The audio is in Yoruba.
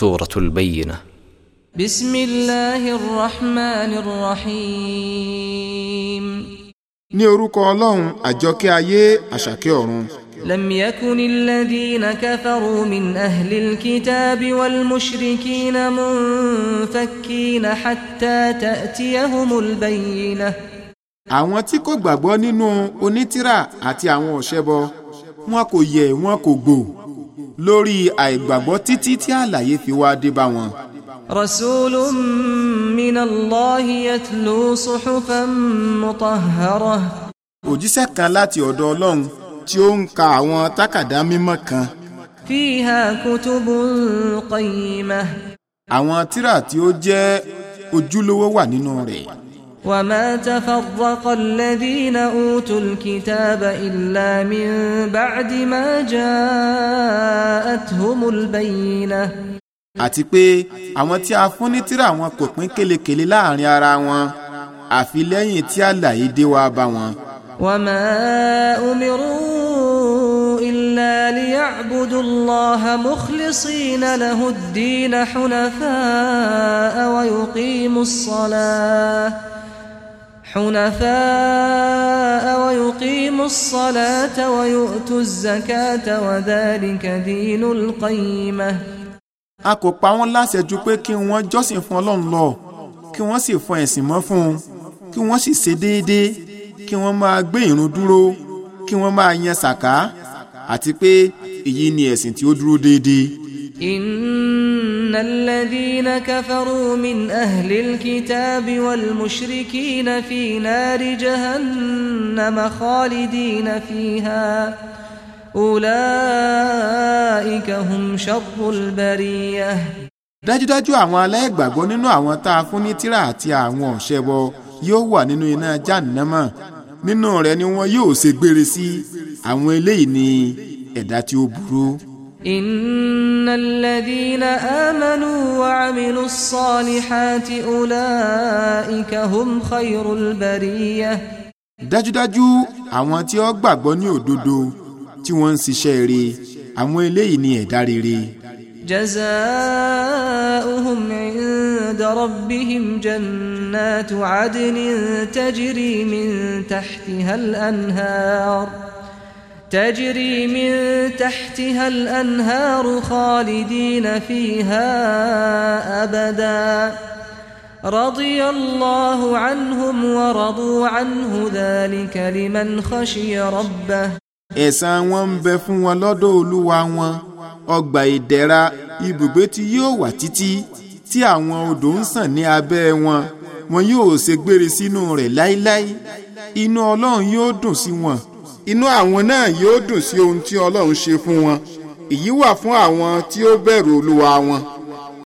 سورة البينة بسم الله الرحمن الرحيم ní orúkọ ọlọ́run àjọkẹ́ ayé àṣàkẹ́ ọ̀run. لم يكن الذين كفروا من أهل الكتاب والمشركين منفكين حتى تأتيهم البينة. àwọn tí kò gbàgbọ́ nínú onítìrà àti àwọn ọ̀ṣẹ́bọ wọn kò yẹ̀ wọn kò gbò lórí àìgbàgbọ́ títí tí àlàyé fi wá dé bá wọn. rasulun minallahi yatlu suhufan mutahhara. òjíṣẹ́ kan láti ọ̀dọ̀ ọlọ́run tí ó ń ka àwọn tákàdá mímọ́ kan. fiha kutubun qayyimah. àwọn tírà tí ó jẹ́ ojúlówó wà nínú rẹ̀. وما تفرق الذين أوتوا الكتاب إلا من بعد ما جاءتهم البينة àti pé àwọn tí a fún ní tírà wọn kò pín kélekèle láàrin ara wọn àfi lẹ́yìn tí àlàyé dé wá bá wọn. wà umiru وما أمروا إلا ليعبدوا الله مخلصين له الدين حنفاء ويقيموا الصلاة حنفاء ويقيموا الصلاة ويؤتوا الزكاة وذلك دين القيمة a kò pa wọ́n láṣẹ ju pé kí wọ́n jọ́sìn fún Ọlọ́run lọ kí wọ́n sì fọ ẹ̀sìn mọ́ fún un kí wọ́n sì ṣe déédéé kí wọ́n máa gbé ìrun dúró kí wọ́n máa yan sàká àti pé èyí ni ẹ̀sìn tí ó dúró déédéé. إن الذين كفروا من أهل الكتاب والمشركين في نار جهنم خالدين فيها أولئك هم شر البرية dájúdájú àwọn aláìgbàgbọ́ nínú àwọn tá a fún ní tírà àti àwọn ọ̀ṣẹ́bọ yóò wà nínú iná jáǹnámà nínú rẹ̀ ni wọn yóò ṣègbére sí àwọn eléyìí ní ẹ̀dá tí ó burú. إن الذين آمنوا وعملوا الصالحات أولئك هم خير البرية dájúdájú àwọn tí ó gbàgbọ́ ní òdodo tí wọ́n ń ṣiṣẹ́ rere àwọn eléyìí ni ẹ̀dá rere. جزاؤهم عند ربهم جنات عدن تجري من تحتها الأنهار تجري من تحتها الأنهار خالدين فيها أبدا رضي الله عنهم ورضوا عنه ذلك لمن خشي ربه ẹ̀san wọn ń bẹ fún wọn lọ́dọ̀ olúwa wọn ọgbà ìdẹ̀ra ibùgbé tí yóò wà títí tí àwọn odò ń sàn ní abẹ́ wọn wọn yóò ṣègbére sínú rẹ̀ láíláí inú ọlọ́run yóò dùn sí wọn inú àwọn náà yóò dùn sí ohun tí Ọlọ́run ṣe fún wọn èyí wà fún àwọn tí ó bẹ̀rù Olúwa wọn.